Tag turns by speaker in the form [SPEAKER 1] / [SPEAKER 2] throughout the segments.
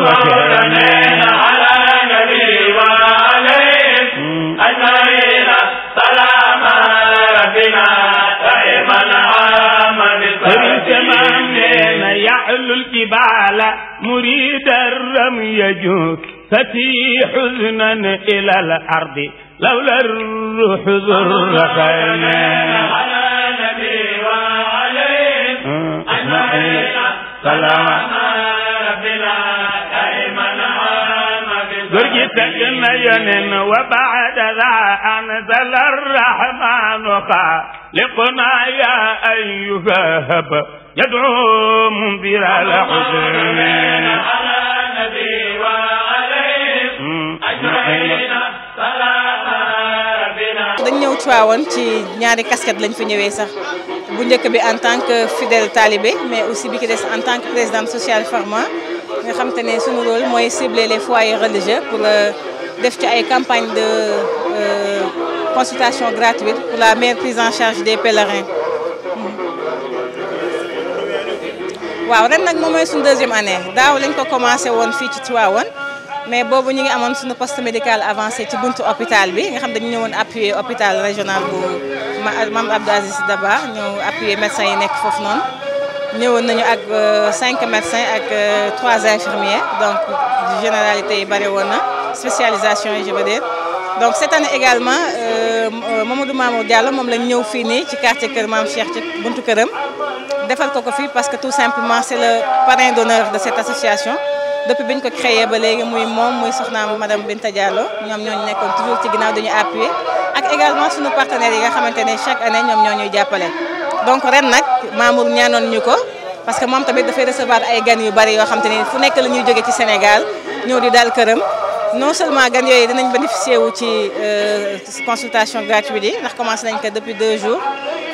[SPEAKER 1] على أجمعين ربنا دائما
[SPEAKER 2] الجبال مريد الرمي يجوك ففي حزنا إلى الأرض لولا الروح ذر على نبي وعليه أجمعين سلام ربنا درجتنا ينن وبعد ذا أنزل الرحمن خالقنا يا أيها هب يدعو منذر الحزن على نبي وعليه أجمعين
[SPEAKER 1] dañ ñëw Tivaouane ci ñaari casquette lañ fi ñëwee sax bu njëkk bi en tant que fidèle talibé mais aussi bi ki des en tant que présidente sociale formant Nous xam te rôle cibler les foyers religieux pour euh, faire une campagne de euh, consultation gratuite pour la meilleure prise en charge des pèlerins hmm. waaw ren en deuxième année Nous avons commencé à faire ci one, mais nous vous ngi un poste médical avancé ci buntu hôpital bi nga xam appuyer hôpital régional pour Mme Abdou Aziz appuyer médecins yi nekk là nous avons ak euh, cinq médecins et euh, 3 infirmiers donc généralité yi spécialisation et je veux dire donc cette année également euh, Mamadou Mamour Diallo moom lañ ñëw fii nii ci quartier de Mam Cheikh ci buntu këram ko parce que tout simplement c'est le parrain d'honneur de cette association depuis que a ko créé ba suis muy moom muy madame Binta Diallo Nous ñoo toujours ci Et dañu appuyer ak également suñu partenaires yi nga chaque année nous sommes ñuy donc ren nak Mamour ñaanoon ñuko parce que moom tamit fay recevoir ay gan yu bari yo xam te fu nek la ñuy joggé ci Sénégal ñeu di dal kërëm non seulement gan yoy dinañ bénéficier wu ci euh, consultation gratuite yi ndax commencé nañ depuis deux jours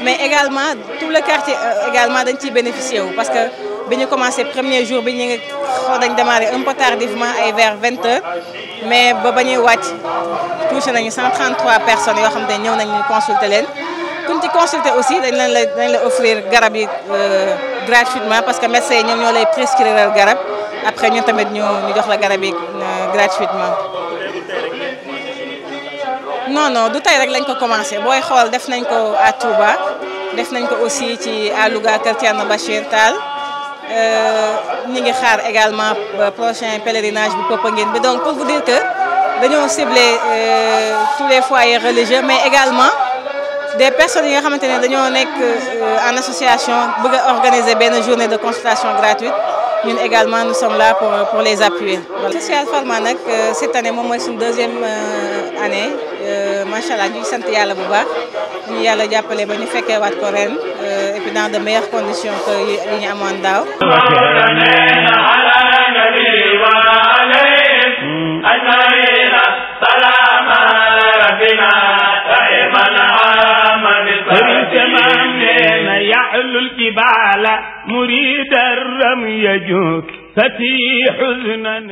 [SPEAKER 1] mais également tout le quartier euh, également dañ ci bénéficier wu parce que nous avons commencé premier jour nous avons dañ démarré un peu tardivement ay vers 20 h mais ba ba wacc touché 133 personnes yo xam ñeu nañ consulter quand ci consulter aussi dañ leen lay dañ la offrir garab yi euh, gratuitement parce que médecin yi ñoo lay prescrire garab après ñu tamit ñu ñu jox la garab yi euh, gratuitement. non non du tay rek lañ ko commencer. boy xol def nañ ko à Touba def nañ ko aussi ci à Louga Kër Thierno Bachir Tall euh, ñi ngi xaar également prochain pèlerinage bu Popenguine donc pour vous dire que dañoo cibler tous les foyers religieux mais également des personnes yi nga été euh, en association bëgg organiser une journée de consultation gratuite ñun également nous sommes là pour pour les appuyer. social Pharma nag euh, cette année moi, c'est une deuxième euh, année macha allah ñu à la bu baax ñu yàlla jàppale ba ñu fekkee waat ko ren et puis dans de meilleures conditions que yi ñu amoon daaw.
[SPEAKER 2] يحل الجبال مريد الرمي يجوك فتي حزنا